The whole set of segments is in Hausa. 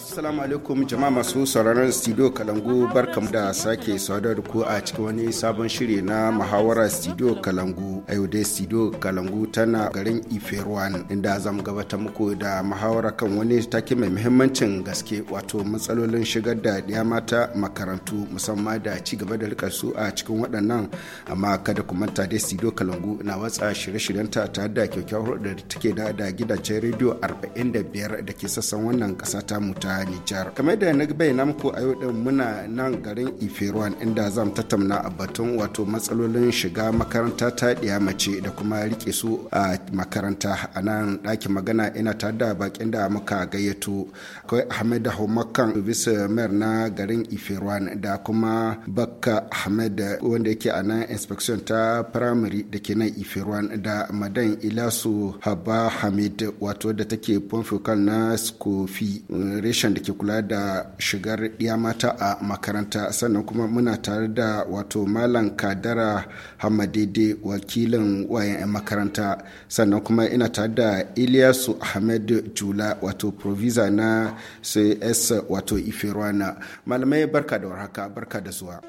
Assalamu alaikum jama'a masu sauraron studio Kalangu barkamu da sake saudar ku a cikin wani sabon shiri na muhawara studio Kalangu. A yau dai studio Kalangu tana garin Iferwan inda zam gabata muku da muhawara kan wani take mai muhimmancin gaske wato matsalolin shigar da ɗiya mata makarantu musamman da ci gaba da rika su a cikin waɗannan amma kada ku manta dai studio Kalangu na watsa shirye shiryen ta tare da kyakkyawar da take da gidajen rediyo 45 da ke sassan wannan ƙasa ta mutu. ta Nijar. Kamar da na bayyana muku a yau din muna nan garin Iferuwan inda zan tattauna a batun wato matsalolin shiga makaranta ta ɗiya mace da kuma rike su a makaranta a nan ɗakin magana ina ta da bakin da muka gayyato akwai Ahmed Homakan vice mayor na garin Iferuwan da kuma Bakka Ahmed wanda yake a nan inspection ta primary da ke nan Iferuwan da Madan Ilasu Haba Hamid wato da take pomfukan na Skofi sashen da ke kula da shigar ya mata a makaranta sannan kuma muna tare da wato malam kadara hamadede wakilin wayan 'yan makaranta sannan kuma ina tare da iliyasu ahmed jula wato provisa na cs wato iferuana malamai barka da warhaka barka da zuwa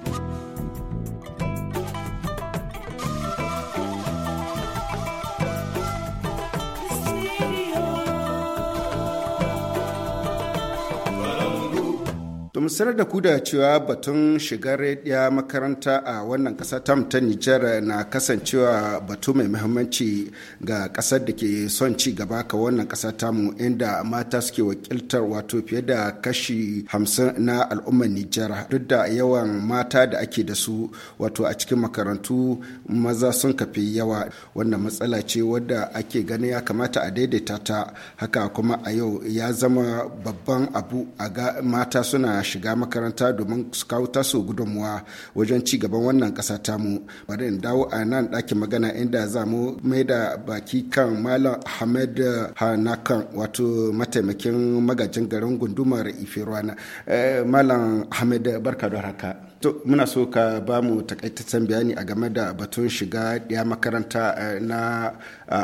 To sanar da ku da cewa batun shigar ya makaranta a wannan kasa ta ta Nijar na kasancewa batu mai muhimmanci ga kasar da ke son ci gaba ka wannan ta mu inda mata suke wakiltar wato fiye da kashi hamsin na al'ummar Nijar duk da yawan mata da ake da su wato a cikin makarantu maza sun kafi yawa wannan matsala ce wadda ake gani ya kamata a daidaita ta haka kuma a yau ya zama babban abu a ga mata suna shiga makaranta domin su kawo tasu gudunmuwa wajen ci gaban wannan ƙasa mu bari in dawo a nan ɗakin magana inda za mu mai da baki kan malam ahmed hanakan wato mataimakin magajin garin gundumar ifirwana eh, malam ahmed barka da haka To muna so ka ba mu takaitaccen bayani a game da batun shiga ya makaranta eh, na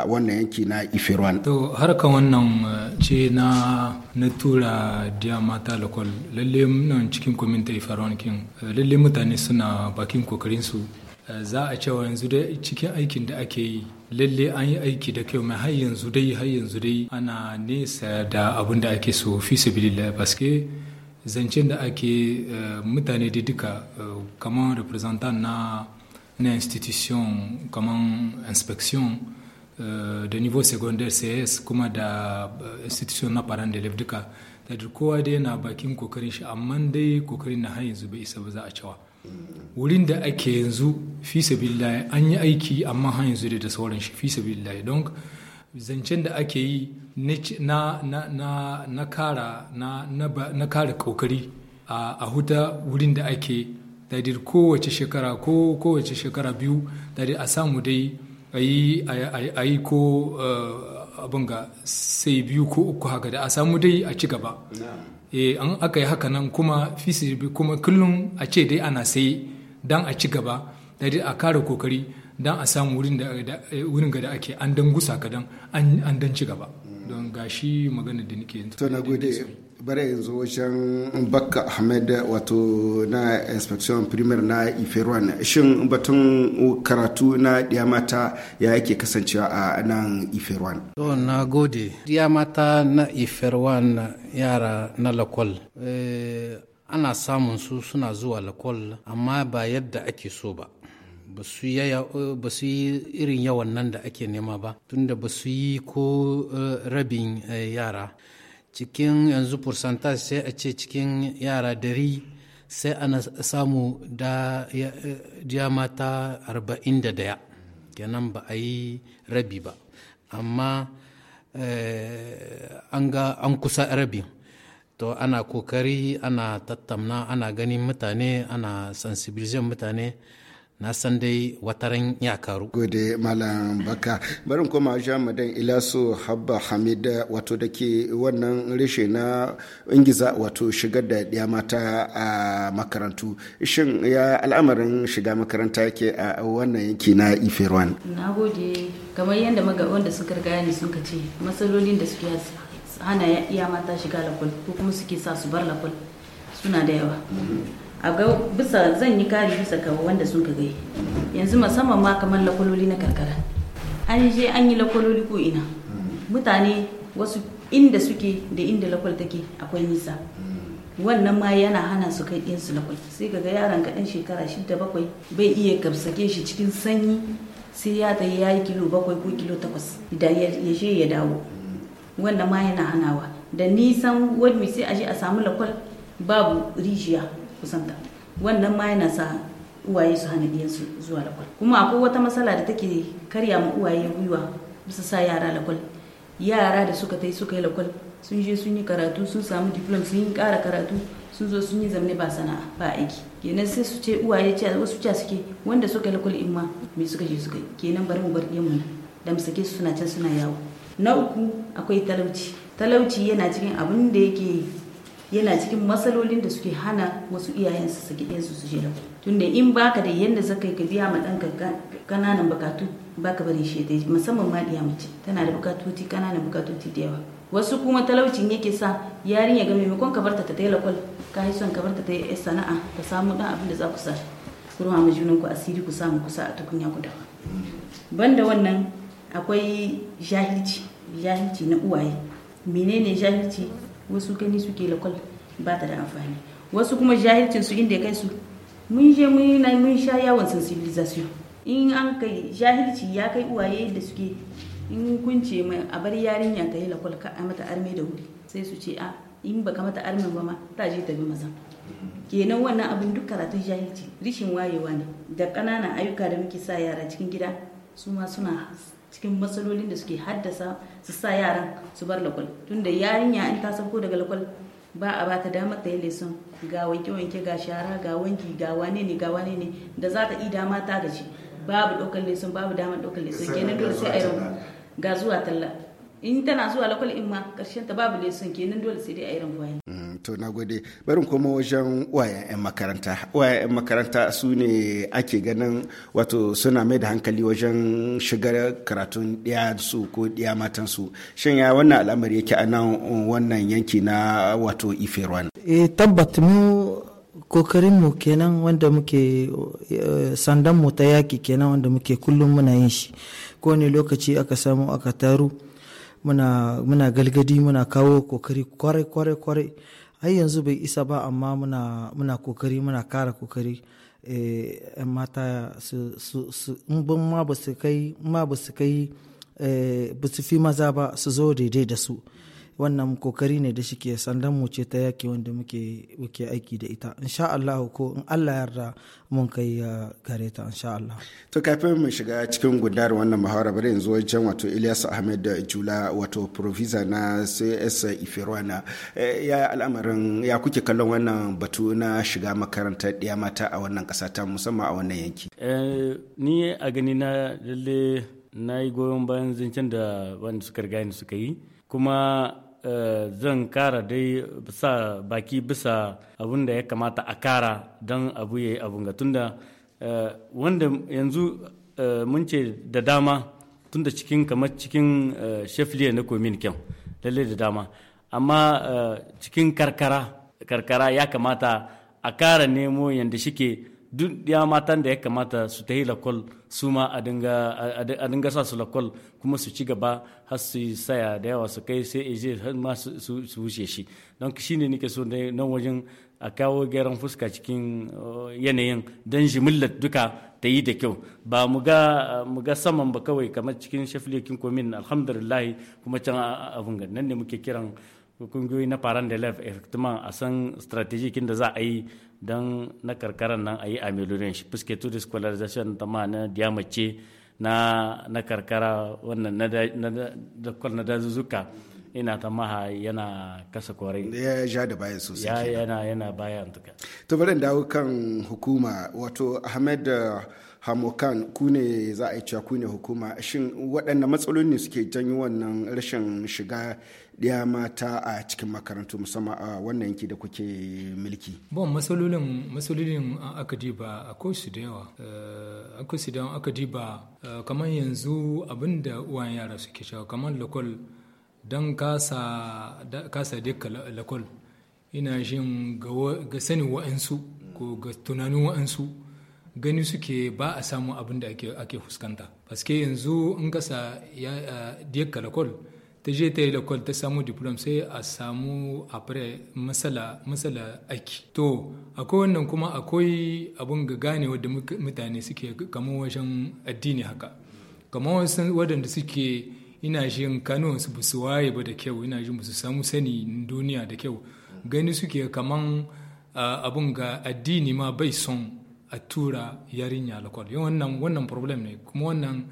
wannan yanki na Ifirwan. To harkar wannan eh, ce na na tura diya mata lokal lalle nan cikin kwaminta Ifirwan kin eh, lalle mutane suna bakin kokarin su za a cewa yanzu da cikin aikin da ake yi lalle an yi aiki da kyau mai har yanzu dai har yanzu dai ana nesa da abin da ake so fi bilila baske zancen da ake eh, mutane da duka eh, kamar representant na na institution kamar inspection eh, da niveau secondaire cs kuma da institution na parent de duka da kowa dai yana bakin kokarin shi amma dai kokarin na har yanzu bai isa ba za a cewa wurin da ake yanzu fi sabi an yi aiki amma har yanzu da sauran shi fi sabi don zancen da ake yi na, na, kara na, na, kokari a, huta wurin da ake dadir kowace shekara ko kowace shekara biyu dadir a samu dai a yi ko eh, abin ga sai biyu ko uku haka da a samu dai a ci gaba eh, an aka yi haka nan kuma fisi kuma kullum a ce dai ana sai dan a ci gaba dadir a kara kokari dan a samu wurin da ake an dan gusa kadan an dan ci gaba don gashi magana da nike yanzu to na gode bare yanzu wajen bakka ahmed wato na inspection primer na na shin batun karatu na diyamata ya yake kasancewa a nan iferwan to na gode diyamata na na yara na lakwal eh, ana samun su suna zuwa lakwal amma ba yadda ake so ba ba su yi irin yawan nan da ake nema ba tunda ba su yi ko eh, rabin eh, yara cikin yanzu percentage sai a ce cikin yara dari sai ana samu da ya eh, mata arba'in da daya kenan ba a yi rabi ba amma an ga an kusa rabin to ana kokari ana tattamna ana ganin mutane ana sensibilizan mutane na san dai wataran ya karu. Gode Malam Baka. Barin koma ja madan Ilasu Habba Hamida wato da ke wannan rashe na ingiza wato shigar da ya mata a makarantu. Shin ya al'amarin shiga makaranta yake a wannan yanki na Iferwan? Na gode kamar yadda magabon wanda suka riga ni suka ce matsalolin da suke hana ya mata shiga lakul ko kuma suke sa su bar lakul suna da yawa. Mhm. a ga bisa zan yi kari bisa ka wanda sun ka gai yanzu musamman ma kamar lakwaloli na karkara an je an yi lakwaloli ko ina mutane wasu inda suke da inda lakwal take akwai nisa wannan ma yana hana su kai su lakwal sai ka ga yaron kaɗan shekara shida bakwai bai iya gamsake shi cikin sanyi sai ya tayi ya yi kilo bakwai ko kilo takwas da ya je ya dawo wannan ma yana hanawa da nisan wani sai a je a samu lakwal babu rijiya kusanta wannan ma yana sa uwaye su hana su zuwa lakwal kuma akwai wata matsala da take karya ma uwaye gwiwa bisa sa yara lakwal yara da suka tai suka yi lakwal sun je sun yi karatu sun samu diplom sun yi kara karatu sun zo sun yi zamne ba sana'a ba aiki kenan sai su ce uwaye ce wasu ce suke wanda suka yi lakwal in ma me suka je suka yi kenan bari mu bar mu da mu sake su suna can suna yawo na uku akwai talauci talauci yana cikin abin da yake yana cikin matsalolin da suke hana wasu iyayen su saki ɗayansu su ku. tunda in baka da yadda zaka yi ka biya ma ɗanka kananan bukatu baka bari shi dai musamman ma ɗiya mace tana da bukatoti kananan bukatoti da yawa wasu kuma talaucin yake sa yarinya ga maimakon ka barta ta ta yi lakwal ka yi son ka barta ta yi sana'a ka samu ɗan abin da za ku sa ku ruwa ma ku asiri ku samu kusa a tukunya ku dafa banda wannan akwai jahilci jahilci na uwaye menene jahilci wasu gani suke lakwal ba ta da amfani wasu kuma jahilcin su inda ya kai su mun je mun sha yawon sensibilization in an kai jahilci ya kai uwaye da suke in kun ce mai a bar yarinya ta yi lakwal ka a mata arme da wuri sai su ce a in baka mata armen ba ma ta je ta bi maza kenan wannan abin duk karatun jahilci rishin wayewa ne da ƙananan ayyuka da muke sa yara cikin gida su ma suna cikin matsalolin da suke haddasa su sa yaran su bar lakwal tunda yarinya in ta sauko daga lakwal ba a bata damar ta yi leson ga wanke-wanke ga shara ga wanki ga wane ne ga wane ne da za ta yi dama ta gaji babu ɗaukar leson babu damar ɗaukar leson kenan dole sai a yi ga zuwa talla in tana zuwa lakwal in ma ƙarshen ta babu leson kenan dole sai dai a yi ramuwa to na gode barin kuma wajen wayan 'yan makaranta wayan 'yan makaranta su ne ake ganin wato suna mai da hankali wajen shigar karatun ɗiya su ko ɗiya matansu shin ya wannan al'amari yake a nan wannan yanki na wato ife eh tabbat mu kokarin mu kenan wanda muke eh, sandan mu ta yaki kenan wanda muke kullum muna yin shi ko ne lokaci aka samu aka taru muna muna galgadi muna kawo kokari kware kware kware. har yanzu bai isa ba amma muna kokari muna kara kokari eh, yan mata su ma ba su ba su eh, su fi maza ba su zo daidai da su wannan kokari ne da shike sandan mu ce ta yaki wanda muke muke aiki da ita insha Allah ko in Allah ya yarda mun kai uh, gare ta insha Allah to kafin mu shiga cikin gudanar wannan muhawara bari yanzu wajen wato Ilyas Ahmed Jula wato provisor na CS Ifirwana eh, ya al'amarin ya kuke kallon wannan batu na shiga makarantar ɗiya mata a wannan ƙasa ta musamman a wannan yanki eh, ni a gani na lalle na yi goyon bayan zancen da wanda suka riga ni suka yi kuma Eh, zan kara dai sa baki bisa abun da ya kamata a kara don abu ya yi abun ga tunda eh, wanda yanzu eh, mun ce da dama tunda cikin kamar cikin shefliya na komin kyau lalle da dama amma cikin karkara karkara ya kamata a kara nemo yadda shike duk ya matan da ya kamata su ta yi lakol su ma a dinga sa su lakol kuma su ci gaba har su saya da yawa su kai sai eje ma su wuce shi don shi ne nake so nan wajen a kawo gyaran fuska cikin uh, yanayin don jimillar duka ta yi da kyau ba mu ga saman ba kawai kamar cikin shafilikin komin alhamdulillahi kuma can abin nan ne muke kiran kungiyoyi na faran da lef effectivement a san strategic da za a yi don na karkaran nan a yi a melodin shi fuske to the scholarization ta ma na diamace na na karkara wannan na da na dazuzuka ina ta maha yana kasa kwarai ya ja da bayan sosai yana yana baya tuka to bari dawo kan hukuma wato ahmed eh, hamokan ku ne za a yi cewa ku ne hukuma shin waɗanne matsaloli suke janyo wannan rashin shiga ɗaya mata a cikin makarantu musamman a wannan yanki da kuke mulki bon masalolin masalolin an aka diba su da yawa eh, a su da yawa aka diba eh, kamar yanzu abin da uwayen yara suke shawo kamar lakol don kasa dika lakol ina jin ga sani wa'ansu ko ga tunanin wa'ansu gani suke ba a samu abin ake fuskanta paske yanzu in kasa eh, dika lakol ta je ta yi lakwal ta samu diplom sai a samu apre masala masala aiki to akwai wannan kuma akwai abun ga gane wadda mutane suke kamar wajen addini haka kamar wasu wadanda suke ina jin kano su su waye ba da kyau ina jin su samu sani duniya da kyau gani suke kamar abun ga addini ma bai son a tura yarinya lakwal yawan wannan problem ne kuma wannan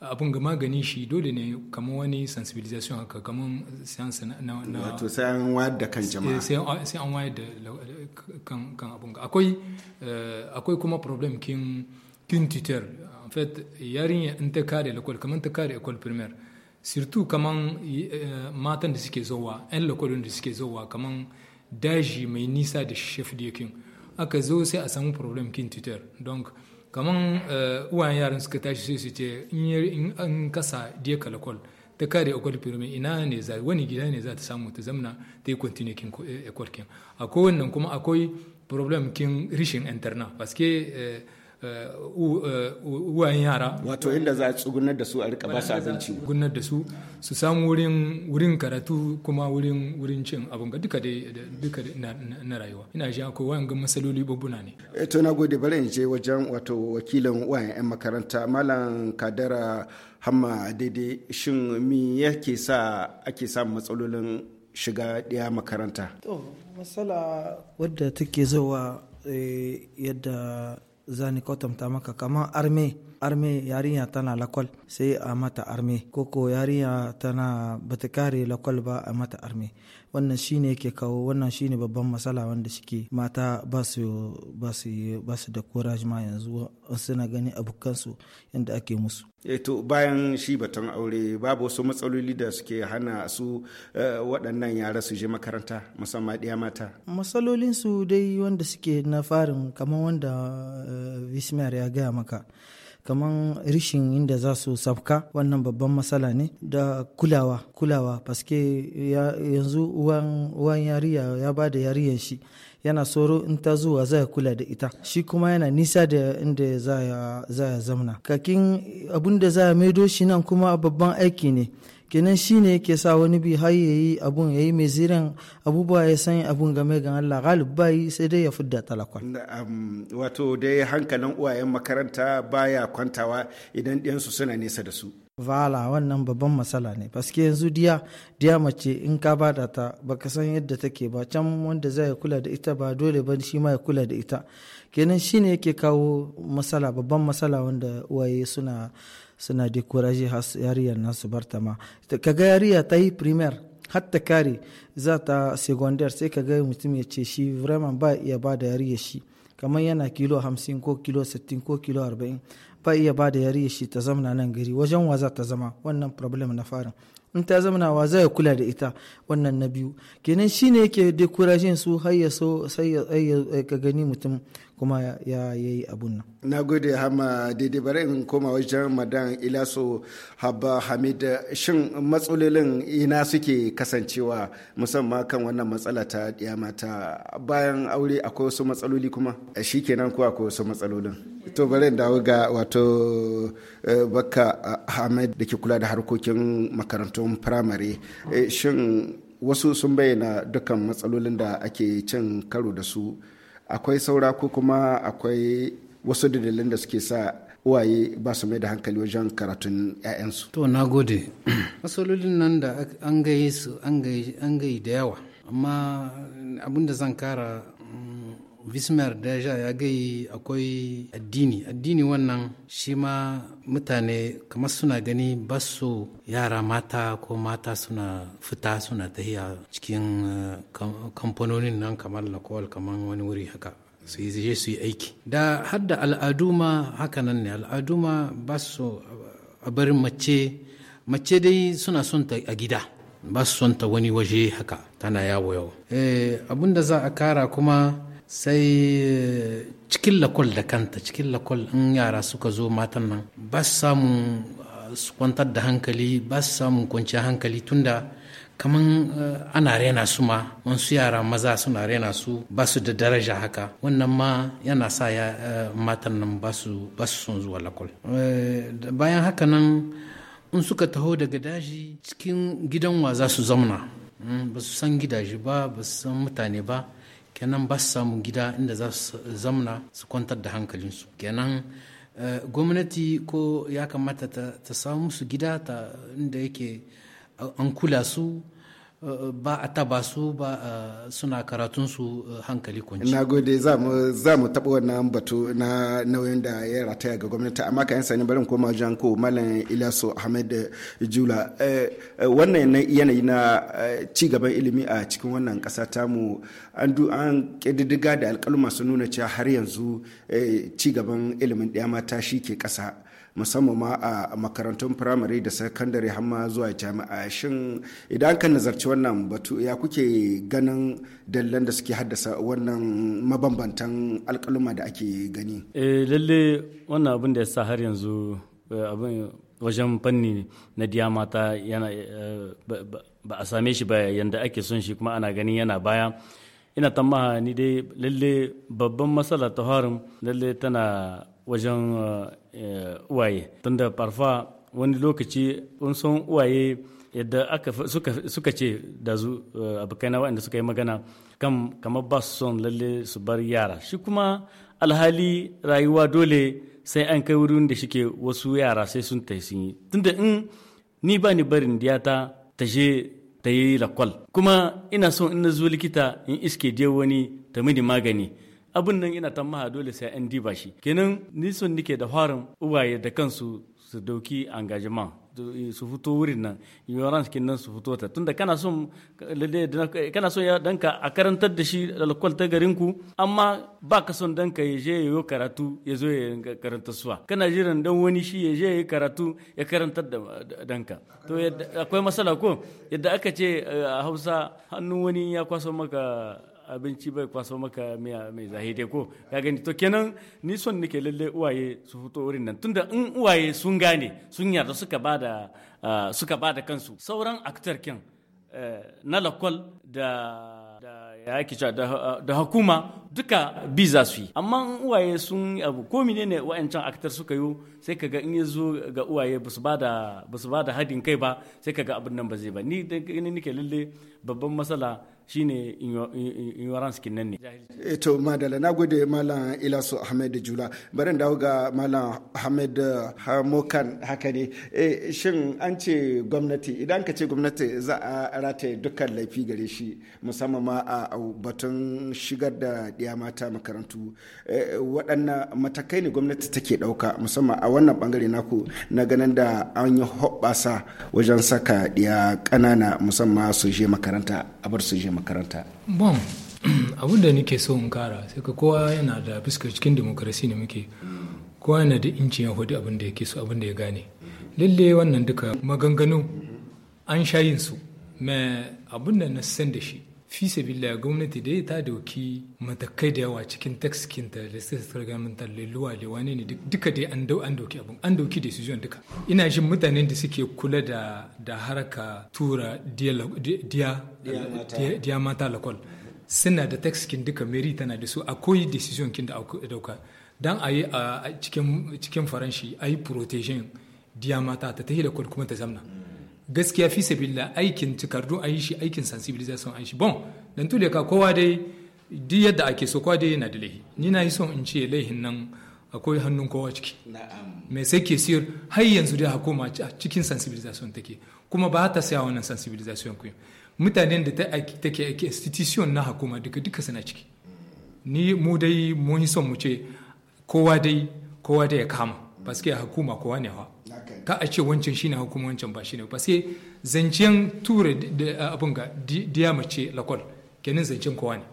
abun ga magani shi dole ne kamar wani sensibilization haka kamar siyansa na na wato sai an wayar da kan jama'a eh, sai an wayar da kan kan abun ga akwai eh, akwai kuma problem kin kin tutor en fait yarin ya inta kare lakwal kamar ta kare école primaire surtout kamar eh, matan da suke zowa yan lakwalin da suke zowa kamar daji mai nisa da chef kin aka zo sai a samu problem kin tutor donc kaman eh, uwan yaran suka tashi sai su ce in an kasa diya kalakol ta kare ekol firme ina ne za wani gida ne za ta samu ta zamna ta yi continue kin ekol eh, kin akwai wannan kuma akwai problem kin rishin internet parce que eh, uwayen yara wato inda za a tsugunar da su a rika ba su abinci tsugunar da su su samu wurin karatu kuma wurin cin abin ga duka duka na rayuwa ina shi akwai wayan ga masaloli babbuna ne eh to na gode bari in je wajen wato wakilin wayan yan makaranta malam kadara hamma daidai shin me yake sa ake samun matsalolin shiga ɗaya makaranta to matsala wadda take zowa eh, yadda zani kwatanta maka kamar arme arme yarinya tana lakwal sai a mata arme koko yarinya tana bata kare lakwal ba a mata arme wannan shine ke kawo wannan shine babban matsala wanda shike mata ba su da courage ma yanzu suna gani abokansu inda ake musu eh to bayan shi batun aure babu wasu matsaloli da suke hana su eh, waɗannan yara su je makaranta musamman ɗaya mata matsalolinsu dai wanda suke na farin kamar wanda eh, vismar ya gaya maka kamar rishin inda za su safka wannan babban matsala ne da kulawa kulawa paske yanzu uwan yariya ya ba da yariyan shi yana soro in ta zuwa zai kula da ita shi kuma yana nisa da inda za ya zamna kakin abin da za ya maido shi nan kuma babban aiki ne kenan shi ne yake sa wani bi har yayi abun yayi mai zirin abubuwa ya san abun game ga Allah galib bai sai dai ya fidda talakwal wato dai hankalin uwayen makaranta baya kwantawa idan ɗiyansu suna nesa da su vala wannan babban matsala ne paske yanzu diya diya mace in ka ba da ta baka san yadda take ba can wanda zai kula da ita ba dole ba shi ma ya kula da ita kenan shine yake kawo matsala babban matsala wanda uwaye suna suna dekuraje yariyar nan su barta ma kaga yariya ta yi primer ta kare za ta secondaire sai kaga mutum ya ce shi vraiment ba iya ba da yariya shi kamar yana kilo hamsin ko kilo sittin ko kilo arba'in ba iya ba da yariya shi ta zamana nan gari wajen wa za ta zama wannan problem na farin in ta zamanawa za ya kula da ita wannan na biyu kenan shine yake dekurajin su har ya so sai ya ka gani mutum kuma ya yi abun nan. Na gode hama daidai bari in koma wajen madan Ilaso Habba Hamid shin matsalolin ina suke kasancewa musamman kan wannan matsala ta mata bayan aure akwai wasu matsaloli kuma eh, shi kenan ko akwai wasu matsalolin. To bari dawo ga wato eh, Bakka Hamid ah, da ke kula da harkokin makarantun firamare eh, shin wasu sun bayyana dukkan matsalolin da ake cin karo da su akwai saura ko kuma akwai wasu dalilan da suke sa uwaye ba su mai da hankali wajen karatun 'ya'yansu. To na gode. matsalolin nan da an gaye su an gaye da yawa. Amma abin da zan kara bismar deja ya gai akwai addini addini wannan shi ma mutane kamar suna gani ba su yara mata ko mata suna fita suna tahiya cikin eh, kamfanonin nan kamar lakowal kamar wani wuri haka su yi je su yi aiki da har da al'adu ma haka nan ne al'adu ma ba su a bari mace mace dai suna son ta a gida ba su son ta wani waje haka tana yawo yawo eh, abin da za a kara kuma sai eh, cikin lakol da kanta cikin lakol in yara suka zo matan nan ba su samun ah, su kwantar da hankali ba su samun kwanciyar hankali tunda kaman eh, ana rena su ma wasu yara maza suna rena su ba su da daraja haka wannan ma yana sa ya eh, matan nan ba su son zuwa lakol bayan haka nan in suka taho daga daji cikin gidan wa za su zauna hmm, ba su san gidaje ba ba su san mutane ba kenan ba su samu gida inda za su zamna su kwantar da hankalinsu kenan eh, gwamnati ko ya kamata ta samu su gida ta inda yake an kula su ba a taba su ba suna su hankali kunci. Na gode za mu taɓa wannan batu na nauyin da ya rataya ga gwamnati amma ka sani barin koma jan ko malam ilaso Ahmed Jula eh, eh, wannan yanayi na eh, ci gaban ilimi a cikin wannan ƙasa tamu an du an ƙididdiga da alƙaluma masu nuna cewa har yanzu cigaban gaban ilimin ɗaya mata shi ke ƙasa. musamman ma a makarantun firamare da sakandare hamma zuwa jami'a shin idan ka nazarci wannan batu ya kuke ganin dalilan da suke haddasa wannan mabambantan alkaluma da ake gani eh lalle wannan abin da ya sa har yanzu eh, abin wajen fanni na diya mata yana eh, ba a same shi ba yanda ake son shi kuma ana ganin yana baya ina ta ni dai lalle babban matsala ta harin lalle tana wajen eh, Eh, uwaye tunda parfa wani lokaci in san uwaye yadda aka suka ce da zu eh, abokaina waɗanda suka yi magana kan kamar ba su son lalle su bar yara shi kuma alhali rayuwa dole sai an kai wurin da shike wasu yara sai sun ta sun yi tunda in ni ba ni barin diyata ta je ta yi lakwal kuma ina son in na zo likita in iske je wani ta mini magani abin nan ina maha dole sai an diba shi kenan ni son nike da farin uwaye da kansu su dauki engagement su fito wurin nan yoran kin nan su fito ta tunda kana son kana son danka a karantar da shi alkol ta garin ku amma ba ka son danka ya je yayo karatu ya zo ya karanta suwa kana jiran dan wani shi ya je ya karatu ya karantar da danka to akwai matsala ko yadda aka ce eh, a Hausa hannun wani ya kwaso maka abinci bai kwaso maka miya mai dai ko ka gani to kenan ni son nake lalle uwaye su fito wurin nan tunda in uwaye sun gane sun yarda suka bada suka bada kansu sauran aktar kin eh, na lakwal da ya cewa da hukuma duka bi za su yi amma uwaye sun abu ko mine ne wa'ancan aktar suka yi sai ka ga in ya zo ga uwaye ba su ba da hadin kai ba sai ka ga abin nan ba zai ba ni nake lalle babban matsala shine ignorance kinnan ne eh, to madala na gode malam ilasu ahmed jula barin dawo ga malam ahmed eh, hamokan haka ne eh, shin an ce gwamnati idan ka ce gwamnati za a rataye dukkan laifi gare shi musamman ma a batun shigar da ɗiya mata makarantu waɗannan matakai ne gwamnati take ɗauka musamman a wannan bangare naku na ganin da an yi hoɓɓasa wajen saka ɗiya ƙanana musamman su je makaranta a bar su je makaranta bon abin da nake so in kara sai ka kowa yana da fuskar cikin demokrasi ne muke kowa yana da inci ya hudu abin da yake so abin da ya gane lalle wannan duka maganganu an sha yin su me abin da na san da shi fi sabila gwamnati dai ta dauki matakai da yawa cikin tax kinta da suka ta leluwa wani ne duka dai an dau an dauki abun an dauki decision duka ina jin mutanen da suke kula da da haraka tura diya diya mata lakol suna da tax kin duka meri tana da su akwai decision kin da dauka dan a yi a cikin faranshi a yi protection diya mata ta tahi kuma ta zamna gaskiya fi sabilla aikin takardu an yi shi aikin sensibilization an shi bon dan tule ka kowa dai duk yadda ake so kowa dai yana da laihi ni na yi son in ce laihin nan akwai hannun kowa ciki mai sai ke siyar har yanzu dai hukuma cikin sensibilization take kuma ba ta saya wannan sensibilization ku mutanen da take ake institution na hakuma duka duka suna ciki ni mu dai mun yi son mu ce kowa dai kowa dai ya kama ba suke hukuma kowa ne hawa ka a ce wancan shine hukuma wancan ba shine ba sai zancen tura abin ga diya mace lakol kenan zancen kowa ne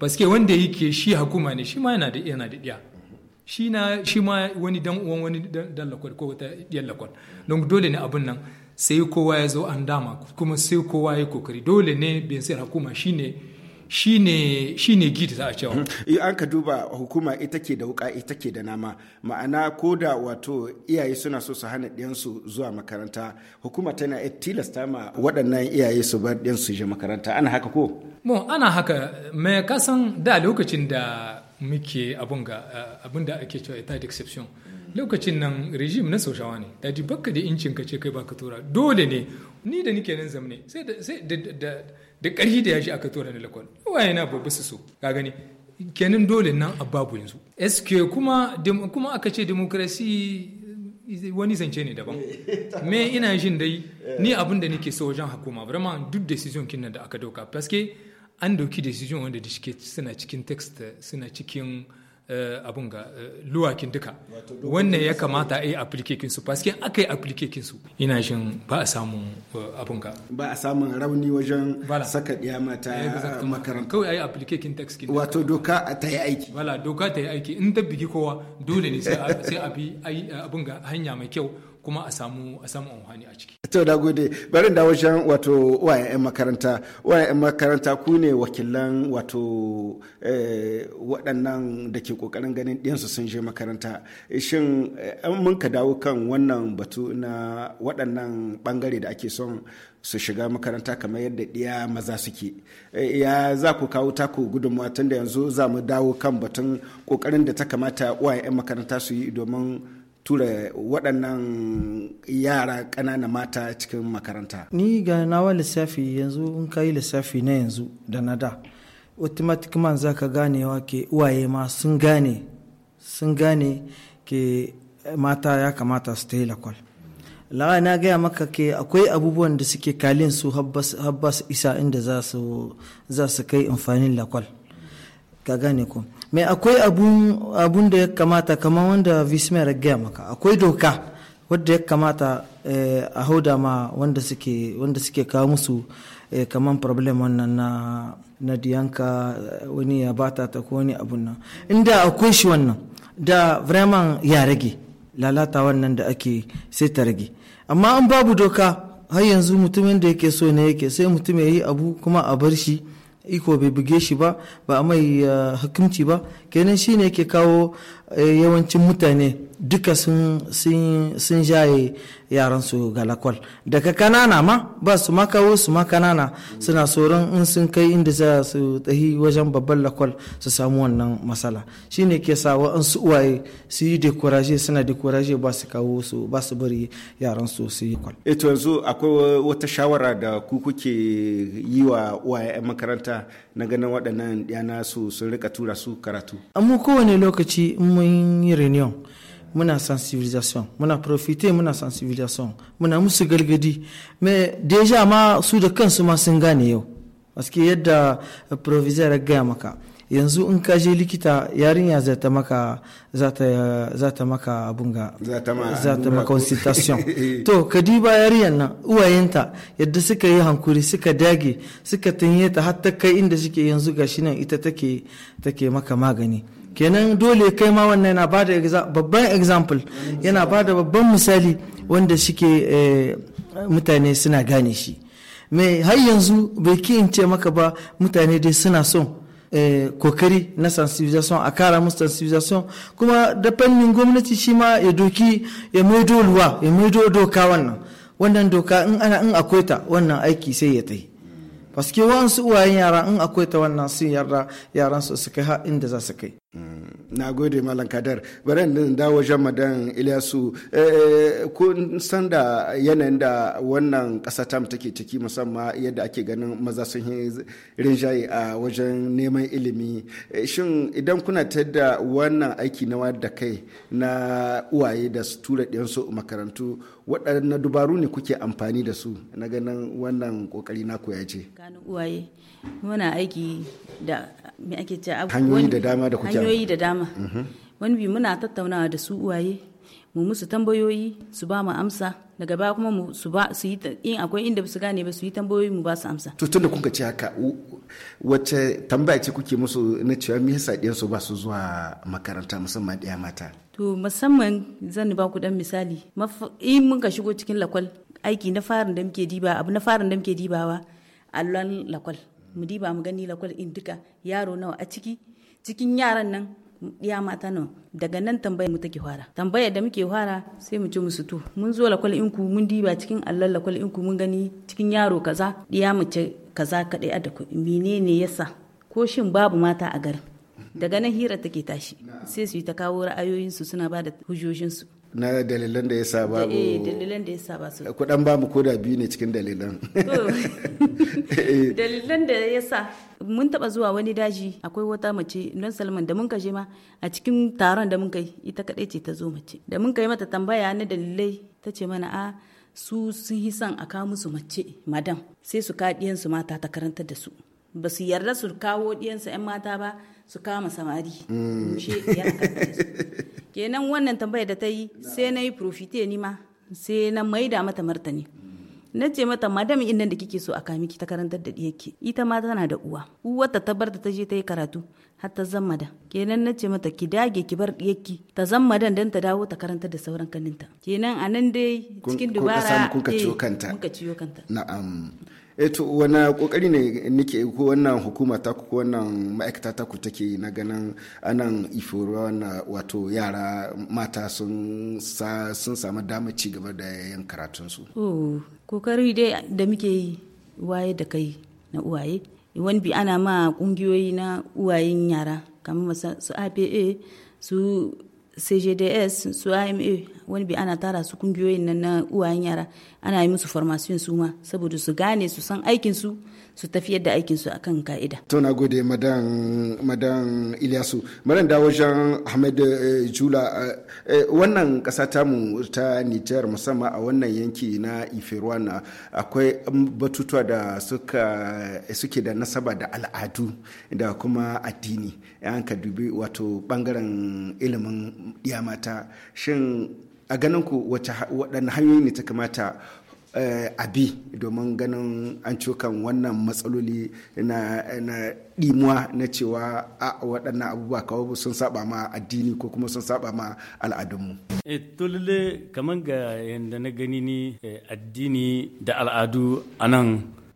baske wanda yake shi hukuma ne shi ma yana da yana da diya shi na shi ma wani dan uwan wani dan lakol ko wata diyan lakol don dole ne abin nan sai kowa ya zo an dama kuma sai kowa ya kokari dole ne bin sai hukuma shine shi ne gid za a cewa mhm. in an ka duba hukuma ita ke da wuka ita ke da nama ma'ana ko da wato iyaye suna so su hana ɗiyansu zuwa makaranta hukuma tana iya tilasta ma waɗannan iyaye su bar ɗiyansu je makaranta ana haka ko mo ana haka me kasan da lokacin da muke abun ga eh, abun da ake cewa ita exception lokacin nan regime na soshawa ne da da incin ka ce kai baka tura dole ne ni da nike nan zamne sai da da ƙarfi da yashi aka tura da lakon waye na babu su so ka gani kenan dole nan a babu yanzu sk kuma kuma aka ce demokrasi wani zance ne daban me ina jin dai eh. ni abin da nake so wajen hukuma vraiment duk decision kin da aka dauka paske an dauki decision wanda da shike suna cikin text suna cikin Eh, abun ga eh, luwakin duka wannan ya kamata a yi aplikekin su ba paske aka yi aplikekin su ina jin ba a samun eh, abun ga ba a samun rauni wajen saka diya mata makaranta kawai a yi aplikekin tax kin wato doka ta yi aiki wala doka ta yi aiki in ta bigi kowa dole ne sai a bi abun ga hanya mai kyau kuma a samu a samu amfani a ciki. To da gode bari da wajen wato waye 'yan makaranta waye 'yan makaranta ku ne wakilan wato eh, waɗannan da ke kokarin ganin ɗiyansu sun je makaranta shin eh, mun ka dawo kan wannan batu na waɗannan ɓangare da ake son su shiga makaranta kamar yadda ɗiya maza suke eh, ya za ku kawo taku gudunmawa tun da yanzu za mu dawo kan batun ƙoƙarin da ta kamata waye 'yan makaranta su yi domin tura waɗannan yara ƙanana mata cikin makaranta ni ga nawa lissafi yanzu in ka yi lissafi na yanzu da na da otomatik man za ka gane wa ke uwaye ma sun gane sun gane ke mata ya kamata su ta yi lakwal lawa na gaya maka ke akwai abubuwan da suke kalin su habbas isa inda za su kai amfanin lakwal ka gane ku mai akwai abun da ya kamata kamar wanda vismer ya gaya maka akwai doka wadda ya kamata eh, a hauda ma wanda suke wanda kawo musu eh, kaman problem wannan na na diyanka eh, wani ya bata ta ko wani abun nan inda akwai shi wannan da vraiment ya rage lalata wannan da ake sai ta rage amma an babu doka har yanzu mutumin da yake so ne yake sai mutum ya yi abu kuma a bar shi iko bai buge shi ba ba a mai eh, hukunci ba kenan shine yake kawo Eh, yawancin mutane duka sun jaye su ga lakwal daga kanana ma ba su ma kawo su ma kanana suna tsoron in sun kai inda za su tsahi wajen babban lakwal su samu wannan matsala shine ke sa wa'ansu uwaye su yi dekoraje suna dekoraje ba su kawo su ba su bari yaran su yi kwal. eto eh, yanzu akwai wata shawara da ku kuke yi wa uwaye makaranta na ganin waɗannan yana su sun rika tura su karatu. amma kowane lokaci in mun yi reunion muna sensibilisation muna profite muna sensibilisation muna musu gargadi mai deja ma su da kansu ma sun gane yau paske yadda ya gaya maka yanzu in ka je likita yarinya za ta maka za ta maka ga za ta maka consultation to ka diba yarinyar nan uwayenta yadda suka yi hankuri suka dage suka tanye ta har ta kai inda suke yanzu gashi nan ita take take maka magani kenan dole kai ma wannan yana ba da babban example yana ba da babban misali wanda shike eh, mutane suna gane shi mai har yanzu bai kiyance maka ba mutane dai suna son eh, kokari na sensibilisation a kara musu sensibilisation kuma da fannin gwamnati shi ma ya doki ya maido luwa ya maido doka wannan wannan doka in ana in akwai ta wannan aiki sai ya tai paske wa'ansu uwayen yara in akwai ta wannan sun yarda yaran su su kai inda za su kai Mm. na gode malam kadar bari da dawo wajen madan iliyasu eh, eh, kun san da yanayin da wannan ƙasa tam take ciki musamman yadda ake ganin maza sun yi rinjaye a wajen neman ilimi eh, shin idan kuna ta da wannan aiki na wadda kai na uwaye da su tura ɗansu makarantu waɗannan dubaru ne kuke amfani da su na ganin wannan ƙoƙari naku ya me ake ce hanyoyi da dama da kuke hanyoyi da dama mhm. wani bi muna tattaunawa da su uwaye mu musu tambayoyi su ba mu amsa daga baya kuma mu su ba su yi in akwai inda su gane ba su yi tambayoyi mu ba su amsa to tunda kun ce haka wacce tambaya ce kuke musu na cewa me yasa ɗiyan su ba su zuwa makaranta musamman ɗaya mata to musamman zan ba ku dan misali in mun ka shigo cikin lakwal aiki na farin da muke diba abu na farin da muke dibawa allon lakwal mu diba mu gani la kwal duka yaro nawa a ciki cikin yaran nan ya mata nawa daga nan tambaya mu take fara tambaya da muke fara sai mu ci musu to mun zo la kwal inku mun diba cikin allon la kwal inku mun gani cikin yaro kaza ya mace kaza kadai a da ku menene yasa ko shin babu mata a garin daga nan hira take tashi sai su yi ta kawo ra'ayoyinsu suna ba da hujjojinsu na dalilan da ya sa ba eh dalilan da ya sa eh, kudan ba mu koda biyu ne cikin dalilan dalilan da ya sa mun taba zuwa wani daji akwai wata mace don salman da mun kaje ma a cikin taron da mun kai ita kadai ce ta zo mace da mun kai mata tambaya na dalilai ta ce mana a ah, su sun yi son a kawo musu mace madam sai su kaɗiyansu mata ta karanta da su ba su yarda su kawo ɗiyansu 'yan mata ba su kama samari mm. kenan wannan tambayar da ta yi sai na yi profite ni ma sai na maida mata martani mm. na ce mata madam inda da kike so a kami ki ta karantar da diyarki ita ma tana da uwa Uwar ta bar ta je ta yi karatu har ta zan madan kenan na ce mata ki dage ki bar diyarki ta zan madan don ta dawo ta karantar da sauran kaninta kenan a nan dai cikin dubara kun ka ciwo eh, kanta na'am eto eh, wani kokari ne nike ko wannan hukuma ta ku wannan ma'aikata ta ku take na ganin anan ifora na wato yara mata sun sa sun samu damar ci gaba da yan karatun su oh kokari dai da muke yi waye da kai na uwaye wani bi ana ma kungiyoyi na uwayen yara kamar su APA su CJDS su AMA wani bi ana tara su kungiyoyin nan na uwayen yara ana yi musu formation su ma saboda su gane su san aikin su su tafi yadda aikin su akan ka'ida to na gode madan madan Ilyasu madan da wajen Ahmed eh, Jula eh, eh, wannan kasa mu ta Niger musamman a wannan yanki na Iferwana akwai batutuwa da suke da nasaba da al'adu da kuma addini an ka dubi wato bangaren ilimin mata shin a ganin ku waɗanne hanyoyi ne ta kamata eh, a bi domin ganin an cokan wannan matsaloli na ɗimuwa na cewa a waɗannan abubuwa kawo sun saba ma addini ko kuma sun saba ma al'adunmu. e to lalle kamar ga yadda na gani ni eh, addini da al'adu a nan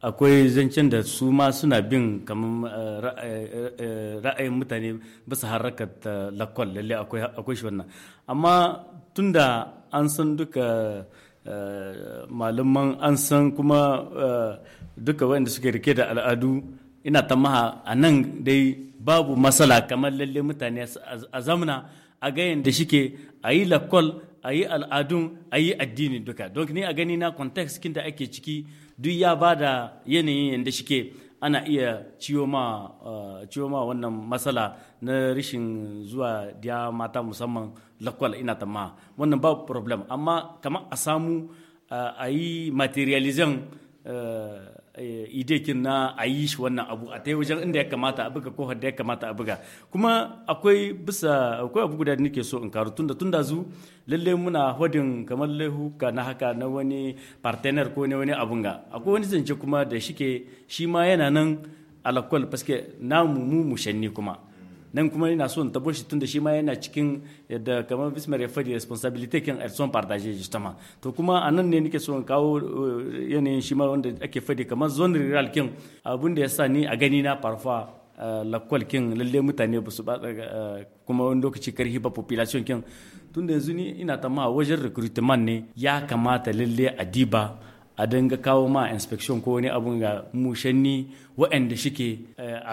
akwai zancen da su ma suna bin kamar eh, eh, eh, ra'ayin mutane bisa ta lakwal lalle akwai shi wannan amma tunda an san duka malaman an san kuma duka wanda suke rike da al'adu ina tamaha a nan dai babu matsala kamar lalle mutane a zamana a gayan da shike a yi lakwal a yi al'adun a yi addini duka don ni a gani na context kinta ake ciki duk ya ba da yanayin yadda shike ana iya uh, ciwo ma wannan matsala na rashin zuwa diya mata musamman lakwal ina ta ma wannan ba problem amma kamar a samu uh, a yi materializan uh, Eh, idekin na a yi shi wannan abu a ta wajen inda ya kamata a buga ko da ya kamata a buga kuma akwai bisa akwai abu guda da nake so in karu tunda tunda zu lalle muna hodin kamar laihuka na haka na wani partner ko ne wani abun ga akwai wani zance kuma da shike shi ma yana nan alakwal paske namu mu mushanni kuma nan kuma ina so in tabo shi tunda shi ma yana cikin yadda kamar bismar ya fadi responsibility kan son partage justama to kuma a nan ne nake so in kawo eh, yanayin shi ma wanda ake fadi kamar zone rural kin abun da ya sa ni a gani na parfa eh, lakwal kin lalle mutane ba su ba eh, kuma wani lokaci karhi ba population kin tunda yanzu ni ina ta ma wajen recruitment ne ya kamata lalle a diba a dinga kawo ma inspection ko wani abun ga mushanni wa'anda shike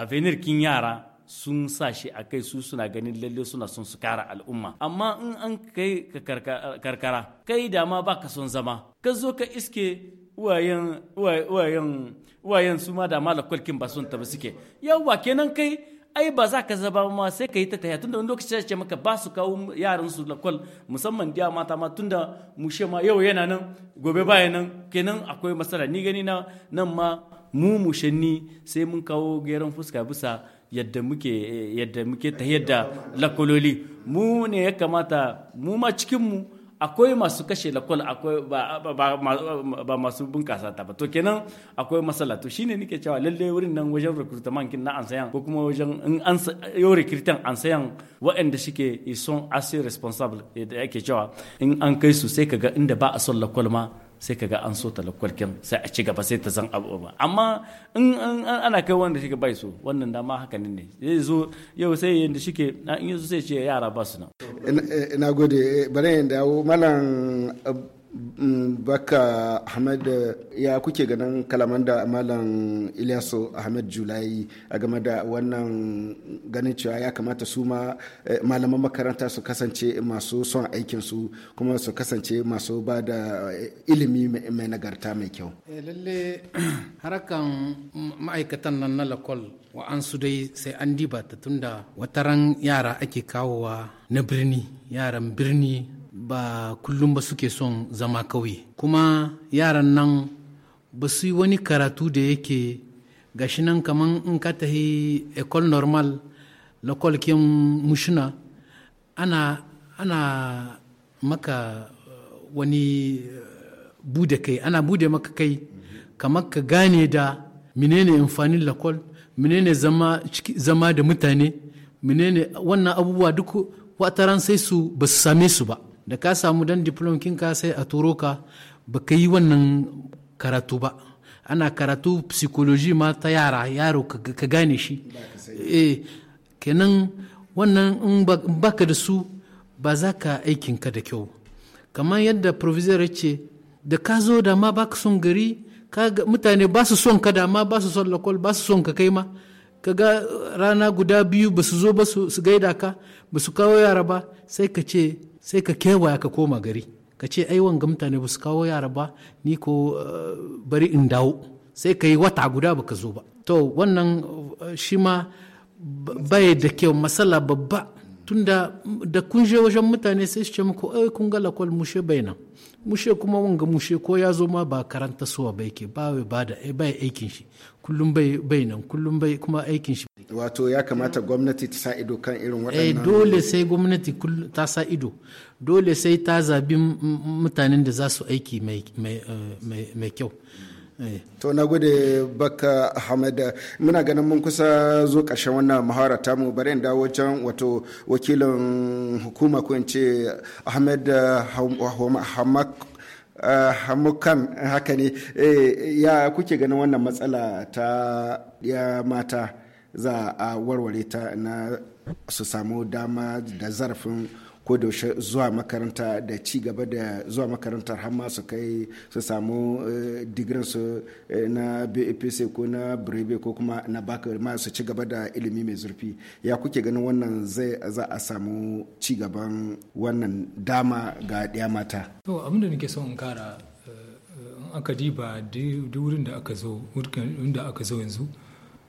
a venir kin yara sun sa shi a kai su suna ganin lalle suna son su kara al'umma amma in an kai karkara kai da ma baka son zama ka zo ka iske uwayen su ma da ma lakwalkin ba son taba suke yawwa kenan kai ai ba za ka zaba ma sai ka yi ta taya tunda wani lokaci ce maka ba su kawo yaran su lakwal musamman diya mata ma tunda mushe ma yau yana nan gobe baya nan kenan akwai matsala ni gani na nan ma mu mushe sai mun kawo geron fuska bisa yadda muke yadda muke ta yadda lakololi mu ne ya kamata mu ma cikin mu akwai masu kashe lakol akwai ba masu bunkasa ta ba to kenan akwai matsala to shine nake cewa lalle wurin nan wajen recruitment kin na an sayan ko kuma wajen in an yo recruitment an sayan waɗanda suke son assez responsable da ake cewa in an kai su sai kaga inda ba a son lakol ma sai ka ga an so kyan sai a ci gaba sai ta zan abu ba amma in ana kai wanda shi bai so wannan dama haka ne zai zo yau sai yanda ke in yanzu sai ce yara ba su nan ina gode eh, bane in dawo malam Mm, baka ahmed ya kuke ganin kalaman da malam ilyasu ahmed julai a game da wannan ganin cewa ya kamata su ma eh, malaman makaranta su kasance masu son aikinsu kuma su kasance masu ba da eh, ilimi mai nagarta mai kyau eh, lalle harakan ma'aikatan nan na lakol wa'ansu dai sai an diba ta tunda wataran yara ake kawowa na birni yaran birni ba kullum ba suke son zama kauye kuma yaran nan ba su yi wani karatu da yake gashi nan kaman in ka tahi ecole normal l'école kin mushina ana ana maka uh, wani uh, bude kai ana bude maka kai kamar ka gane da menene amfanin lakol menene zama, zama da mutane menene wannan abubuwa duk wataran sai su ba su same su ba da ka samu dan diplom ka sai a turo ka ba ka yi wannan karatu ba ana karatu psikoloji ma ta yara yaro ka gane shi e kenan wannan in baka da su ba za ka ka da kyau kamar yadda provisor ya ce da ka zo da ma baka son gari mutane ba su son ka da ma ba su son lakol ba su son ka kai ma kaga rana guda biyu ba su zo ba su gaida ka ba su kawo yara ba sai ka ce sai ka kewaya ka koma gari ka ce ai wanga mutane ba su kawo yara ba ni ko eh, bari in dawo sai ka yi wata guda ba ka zo ba to wannan eh, shima ma bai da kyau matsala babba tunda da kun je wajen mutane sai su ce muku eh kun ga lakwal mushe bai nan mushe kuma wanga mushe ko ya zo ma ba karanta suwa bai ke ba bai ba da bai aikin shi kullum bai bai nan kullum bai kuma aikin shi wato ya kamata gwamnati ta sa ido kan irin eh, waɗannan eh dole sai gwamnati ta sa ido dole sai ta zabi mutanen da za su aiki mai mai eh, mai kyau Eh. to na gode baka ahmed muna ganin mun kusa zo ƙarshen wannan muhawara ta bari in da wajen wato wakilin hukuma ko ahmed eh, hamak eh, hamukan haka ne ya kuke ganin wannan matsala ta ya mata za a warware ta na su samu dama da zarafin ko da zuwa makaranta da ci gaba da zuwa makarantar har su kai su samu eh, digirin su eh, na BAPC ko na Brebe ko kuma na baka ma su ci gaba da ilimi mai zurfi ya kuke ganin wannan zai za a samu ci gaban wannan dama ga ɗaya mata. To abin da nake so in kara eh, aka diba duk wurin da aka zo da aka zo yanzu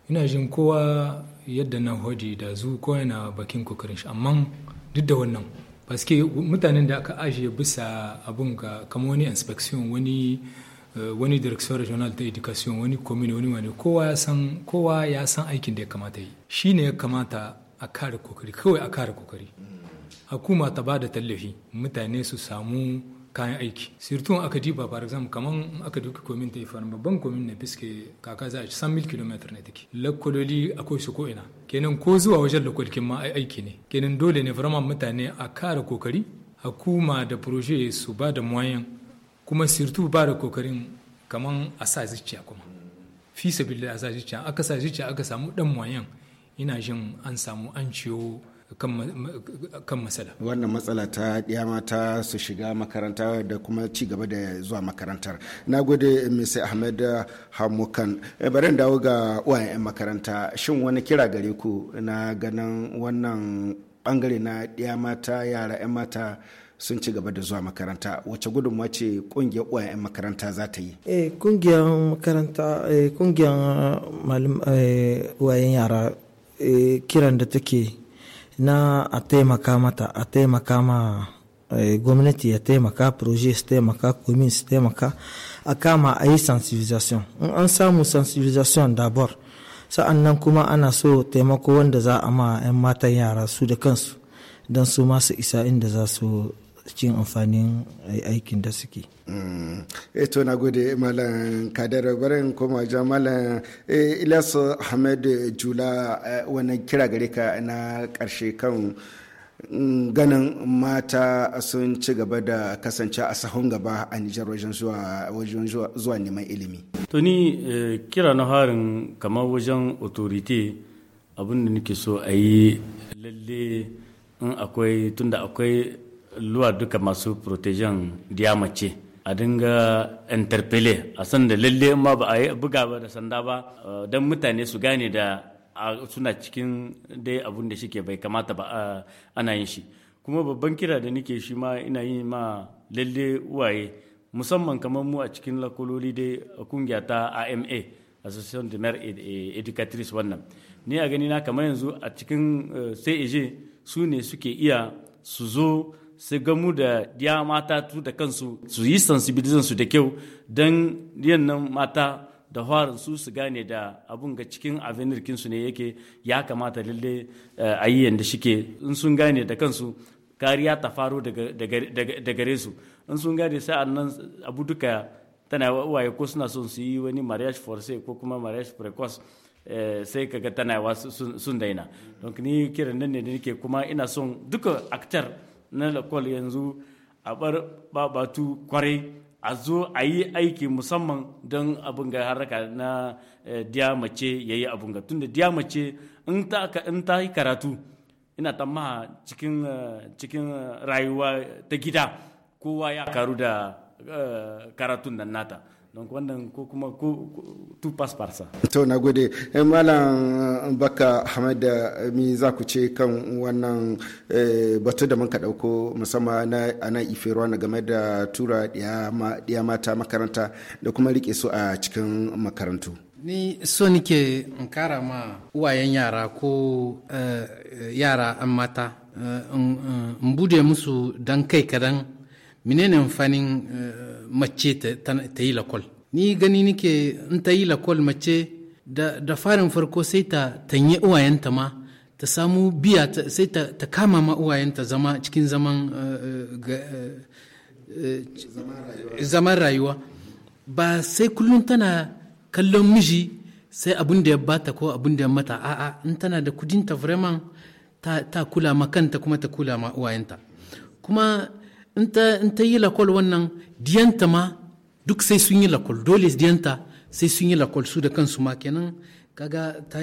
ina jin kowa yadda na hodi da zu ko yana bakin kokarin shi amma duk da wannan paske mutanen da aka ajiye bisa abun ga kama wani inspection wani eh, wani direction regional ta education wani commune wani wani kowa ya san aikin da ya kamata yi shine ya kamata a kare kokari kawai a kare kokari mm. hukuma ta da tallafi mutane su samu kayan aiki surtout aka diba par exemple kaman aka duka komin ta ifar babban komin ne fiske kaka za a ci 100 kilometer ne take lakkololi akwai su ko'ina kenan ko zuwa wajen lakkolkin ma aiki ne kenan dole ne farama mutane a kara kokari hukuma da proje su ba da moyen kuma surtout ba da kokarin kaman a sa zuciya kuma fi sabilla a sa zuciya aka sa zuciya aka samu dan moyen ina jin an samu an ciyo kan matsala. Wannan matsala ta ɗiya mata su shiga makaranta da kuma ci gaba da zuwa makarantar. Na gode Mr. Ahmed Hamukan. Eh, bari dawo ga uwayen makaranta. Shin wani kira gare ku na ganin wannan bangare na ɗiya mata yara 'yan mata sun ci gaba da zuwa makaranta wace gudunmawa ce kungiyar uwayen makaranta za ta yi eh kungiyar makaranta eh kungiyar malam eh, uwayen yara eh, kiran da take na a taimaka mata a taimaka ma gwamnati e, ya taimaka proje su taimaka komin su taimaka a kama a yi sensibilisation in an samu sensibilisation dabor sa'an nan kuma ana so taimako wanda za a ma 'yan matan yara su da kansu don su masu isa inda za su cikin amfanin eh, aikin da suke. Mm. eto eh, na gode malam kadar barin koma ja malam eh, ilyas ahmed jula wannan kira gare ka na karshe kan mm, ganin mata sun ci gaba da kasance a sahun gaba a nijar wajen zuwa neman ilimi to ni kira na harin kamar wajen authority abinda nake so a yi lalle in akwai tunda akwai luwa duka masu protejan diyamace a dinga interpele a san da lalle ma ba a yi buga ba da sanda ba eh, don mutane su gane da suna cikin dai abun da shike bai kamata ba ana yin shi kuma babban kira da nake shi ma ina yi ma lalle uwaye musamman kamar mu a cikin lakololi dai kungiya ta ama association de mer educatrice wannan ni a gani na kamar yanzu a cikin eh, cag e su ne suke iya su zo su gamu da ya mata tu da kansu su yi sensibilizan su da kyau don yannan mata da harin su su gane da abun ga cikin avenirkin su ne yake ya kamata lalle eh, a yi yadda shike in sun gane da kansu kariya ta faro da gare su in sun gane sa'an nan abu duka tana waye ko suna son su yi wani marriage forse ko kuma marriage precoce eh, sai kaga tana sun daina don ni kiran nan ne da nake kuma ina son duka aktar. na lakwal yanzu a bar babatu kwarai a zo a yi aiki musamman don abin ga haraka na eh, diyamace mace ya yi abin ga tunda diya mace in ta yi karatu ina ta maha eh, cikin rayuwa ta gida kowa ya karu da eh, karatun nan nata donc wannan ko kuma ko tu pass par ça to na gode eh, malam eh, baka hamad eh, mi za ku ce kan wannan batu da muka dauko musamman na ana ifero na game da tura ya mata makaranta da kuma rike su a cikin makarantu ni so nike in kara ma uwayen yara ko yara an mata in bude musu dan kai kadan menene amfanin eh, mace ta yi lakol ni gani nike in ta yi lakol mace da farin farko sai ta tanye uwayenta ma ta samu biya sai ta kama ma uwayenta zama cikin zaman eh, eh, zaman rayuwa ba sai kullum tana kallon miji sai abin da ya bata ko abin da ya mata a'a in tana da kudinta vraiment ta kula ma kanta kuma ta kula ma uwayenta kuma in ta yi lakol wannan diyanta ma duk sai sun yi lakol dole diyanta sai sun yi lakol su da kansu ma kenan kaga ta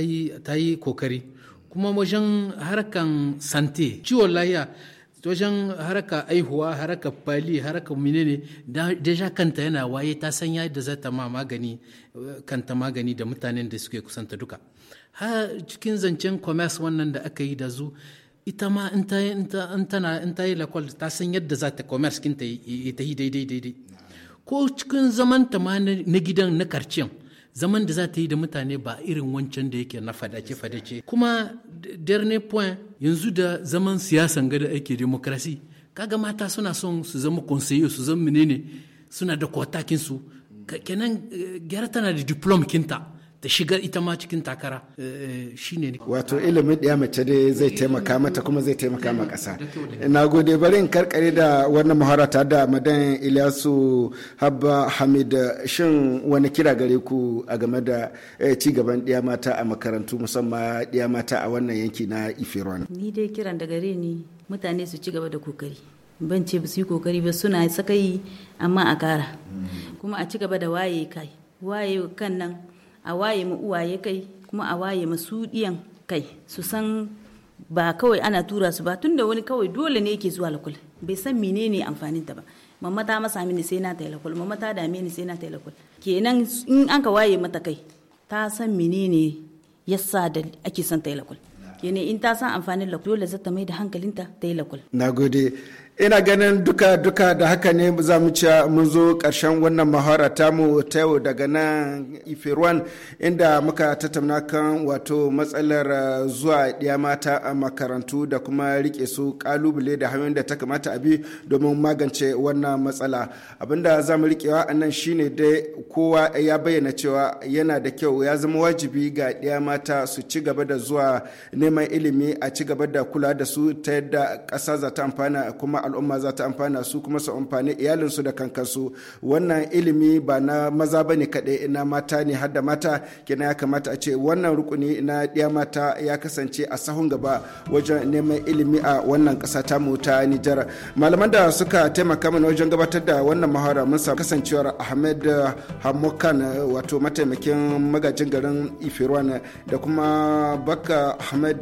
yi kokari kuma wajen harkan sante ciwon lahiya wajen haraka aihuwa haraka pali haraka menene deja kanta yana waye ta san yadda za ta ma magani kanta magani da mutanen da suke kusanta duka ha cikin zancen commerce wannan da aka yi da zu ita ma in tana in ta yi lakwal ta san yadda za ta commerce kin ta yi daidai daidai ko cikin zaman ta ma na gidan na karciyan zaman da za ta yi da mutane ba irin wancan da yake na fadace fadace kuma dernier point yanzu da zaman siyasan gada ake demokrasi kaga mata suna son su zama conseiller su zama menene suna da kwatakin su kenan eh, gyara tana da diplom kinta ta shigar ita ma cikin takara eh, eh, ne wato ilimin ɗaya mace dai zai taimaka mata kuma zai taimaka ma ƙasa na gode bari in karkare da wannan ta da madan ilyasu habba hamid shin wani kira gare ku a game da eh, ci gaban ɗaya mata a makarantu musamman ɗaya mata a wannan yanki na ifiron ni dai kiran da gare ni mutane su ci gaba da kokari ban ce ba su yi kokari ba suna sakai amma a kara mm. kuma a ci gaba da waye kai waye kan nan a waye mu uwaye kai kuma a waye ma su kai su san ba kawai ana tura su ba tunda wani kawai dole ne yake zuwa lakul bai san menene amfanin ta ba mamma ta masa mini sai na ta lakul mamma ta dame ni sai na ta lakul kenan in an ka waye mata kai ta san menene yasa da ake son ta lakul kenan in ta san amfanin lakul dole zata mai da hankalinta ta lakul nagode ina ganin duka-duka da haka ne za mu ci mun zo ƙarshen wannan mahara ta mu ta yau daga nan ifirwan inda muka tattauna kan wato matsalar uh, zuwa ɗiya mata a makarantu da kuma rike su ƙalubale da hanyoyin da ta kamata a bi domin magance wannan matsala abinda za mu riƙewa a nan shine dai kowa ya bayyana cewa yana da kyau ya zama wajibi ga ɗiya mata su ci gaba da zuwa neman ilimi a ci gaba da kula da su ta yadda ƙasa za ta amfana kuma al'umma za ta amfana su kuma su amfani iyalinsu da kankansu wannan ilimi ba na maza ba ne kaɗai na mata ne har da mata kenan ya kamata a ce wannan rukuni na ɗiya mata ya kasance a sahun gaba wajen neman ilimi a wannan ƙasa ta mu ta Nijar malaman da suka taimaka mana wajen gabatar da wannan muhawara mun samu kasancewar Ahmed Hamokan wato mataimakin magajin garin Ifirwan da kuma Bakka Ahmed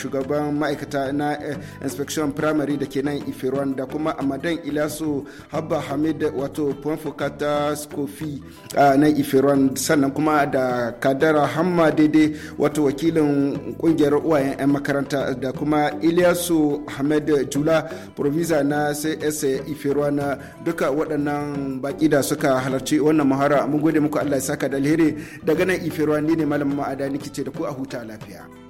shugaban ma'aikata na eh, inspection primary da ke nan Ifirwan da kuma Amadan Ilaso Habba Hamid wato Ponfokata Skofi na Ifiran sannan kuma da Kadara Hamma daidai wato wakilin kungiyar uwayen 'yan makaranta da kuma Ilyasu Ahmed Jula Provisa na CS Ifiran duka waɗannan baki da suka halarci wannan muhara mun gode muku Allah ya saka da alheri daga nan Ifiran ne malamin ma'ada nake ce da ku a huta lafiya.